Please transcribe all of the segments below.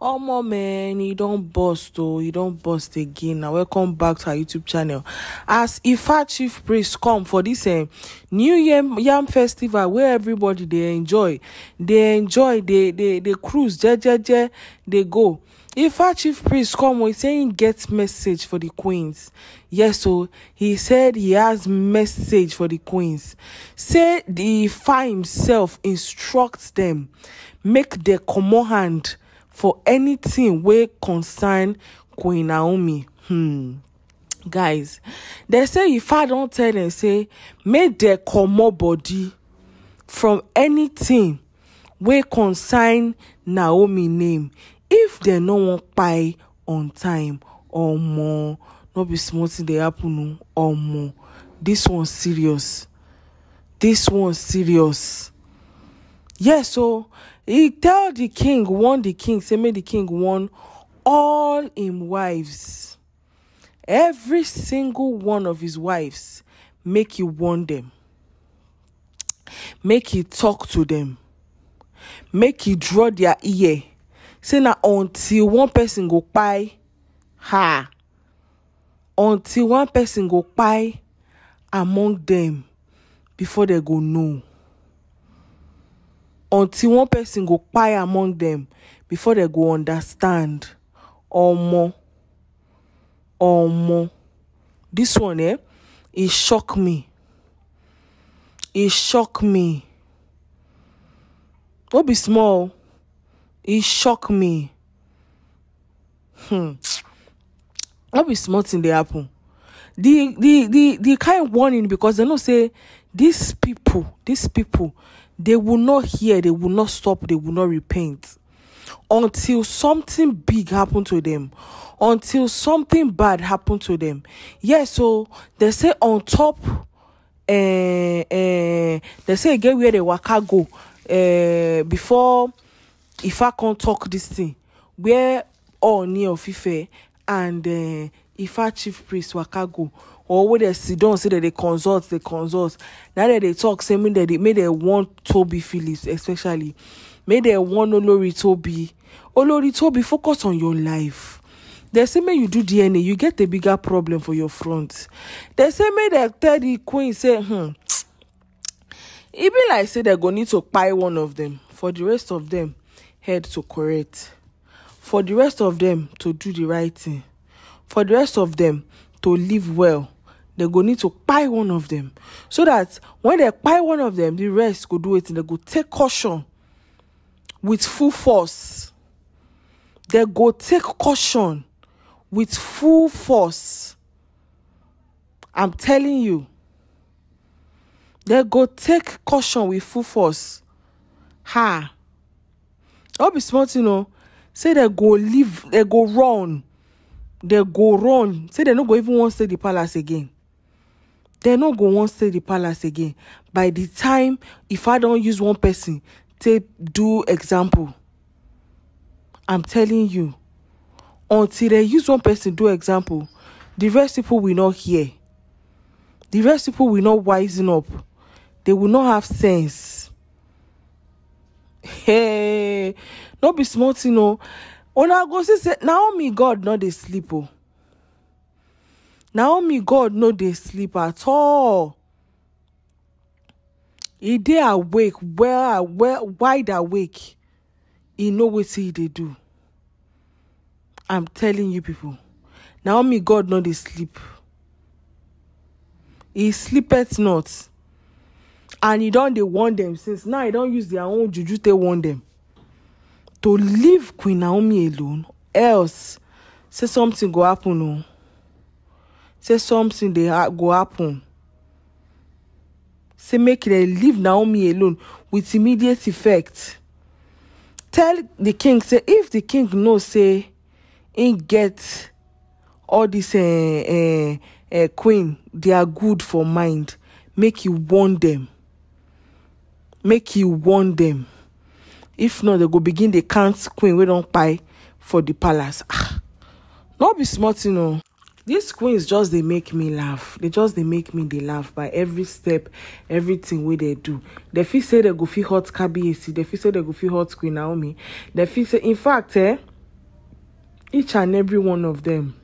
Omo man, You don't bust oh, You don't bust again. Now welcome back to our YouTube channel. As Ifa Chief Priest come for this uh, New Year Yam Festival where everybody they enjoy, they enjoy, they they they cruise, je je je, they go. If our Chief Priest come with oh, saying get message for the queens. Yes, so he said he has message for the queens. Say the Ifa himself instructs them, make the komo hand for anything wey concern queen naomi hmm, guys dem say ifa don tell dem say make dem comot body from anything wey concern naomi name if dem no wan kpai on time omo no be small thing dey happen o omo This one serious This one serious yes o He tell the king warn the king say make the king warn all him wives every single one of his wives make he warn them, make he talk to them, make he draw their ear say na until one person go kpai ha, until one person go kpai among them, before they go know until one person go kpai among dem before dem go understand omo omo this one eh e shock me e shock me no be small e shock me hmm no be small thing dey happen the the the the kind warning because dem know say these people these people They will not hear, they will not stop, they will not repent until something big happened to them, until something bad happened to them. Yeah, so they say on top, uh, uh, they say again where the waka go uh, before if I can't talk this thing, where all near Fife and uh, ifa chief priest waka go or wey dey sit down say dem dey consult dey consult na dem dey talk say make dem make dem warn Toby phillips especially make dem warn olori Toby, olori Toby. focus on your life dem say make you do dna you get a bigger problem for your front dem say make dem tell the queen say hmm, e be like say dem go need to kpai one of dem for the rest of dem head to correct. for the rest of them to do the right thing, for the rest of them to live well, they go need to buy one of them. So that when they buy one of them, the rest go do it and they go take caution with full force. They go take caution with full force. I'm telling you. They go take caution with full force. Ha. I'll be smart, you know say they go leave they go run they go run say they no go even once stay the palace again They no go once stay the palace again by the time if i don't use one person take do example i'm telling you until dem use one person do example the rest people will not hear The rest people will not wisen up they will not have sense hey no be small tin o oh. una go see say naomi god no dey sleep oh! naomi god no dey sleep at all e dey awake well wide awake e know wetin e dey do i'm telling you people naomi god no dey sleep He sleepeth not and e don dey warn them since now do don use their own juju take warn them. to leave queen naomi alone else say something go happen o oh. say something they ha go happen say make they leave naomi alone with immediate effect tell the king say if the king know say im get all this uh, uh, uh, queen they are good for mind make you warn them make you warn them if not they go begin They count queen We don't kpai for the palace ah no be you know. This queen is just They make me laugh They just They make me They laugh by every step everything wey they do dem fit say they go fit hurt kbac dem fit say they go feel hot. queen naomi dem fit say in fact eh each and every one of them.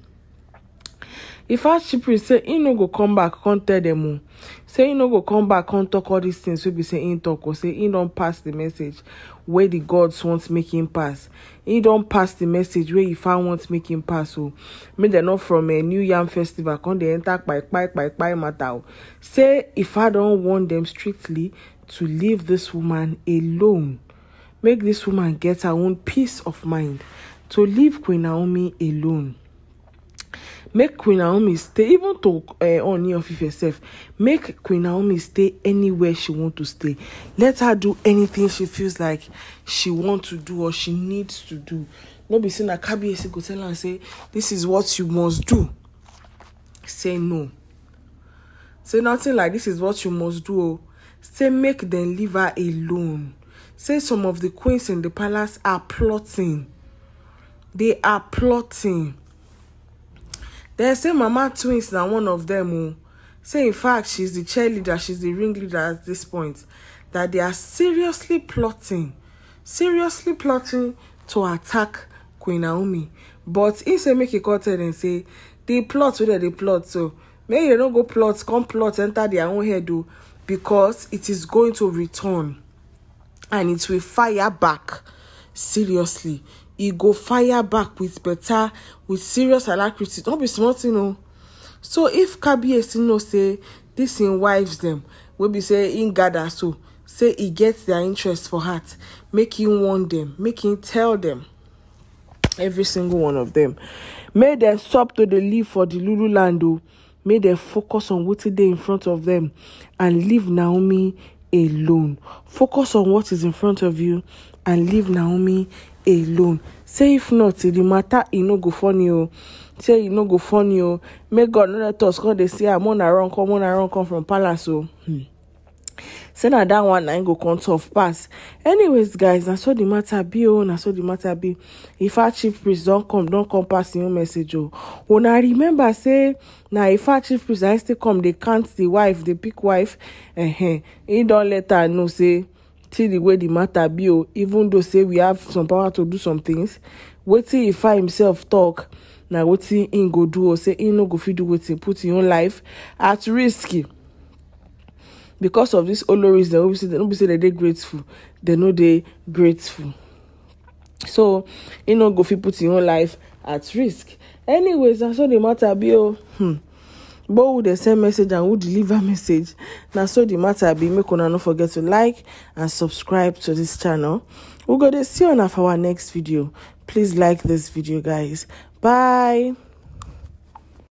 If Ifeachipri say he no go come back come tell dem o oh. say he no go come back come talk all these things wey be say he talk or oh. say he don pass the message wey the gods want make him pass he don pass the message wey Ifa want make him pass o oh. make dem no from uh, new yam festival come dey enter kpai kpai kpai matter o say Ifa don warn dem strictly to leave this woman alone make this woman get her own peace of mind to leave Queen Naomi alone make queen naomi stay even to uh, Ooni of Ife sef make queen naomi stay anywhere she want to stay let her do anything she feels like she want to do or she needs to do no be say na kabiyesi go tell am say this is what you must do say no say nothing like this is what you must do o oh. say make dem leave her alone say some of the queens in the palace are plotting they are plotting They say Mama Twins na one of them who oh. say in fact she's the cheerleader, she's the ringleader at this point. That they are seriously plotting, seriously plotting to attack Queen Naomi. But he say make a call and say they plot wey they plot so may dem no go plot come plot enter their own head o oh, because it is going to return and it will fire back seriously He go fire back with better with serious alacrity Don't be small thing o oh. so if kabiyesi know say this im wives them, wey be say im gather so say he get their interest for heart make im warn dem make im tell them, every single one of them. make dem stop to dey live for di lululand o oh. make dem focus on wetin dey in front of them, and leave naomi alone focus on what is in front of you and leave naomi alone say if not the matter e no go funny o oh. say e no go funny o oh. May god no let us come they say I'm on a run come on, a run come from palace o. Oh. Hmm. say na that one na go come tough pass anyways guys I saw the matter be o I saw the matter be If ifa chief priest don come don't come pass your own message o I remember say na if ifa chief priest na still come they count the wife dey pick wife uh -huh. im don let her know say see the way the matter be o oh, even though say we have some power to do some things wetin ifa himself talk na wetin im go do o oh, say im no go fit do wetin put im own life at risk because of this oloris dem no be say dem dey grateful dem no dey grateful so im no go fit put im own life at risk anyways na so the matter be o. Oh, hmm. but with the same message and who deliver message Now, so the matter be make una not forget to like and subscribe to this channel we gonna see you on our next video please like this video guys bye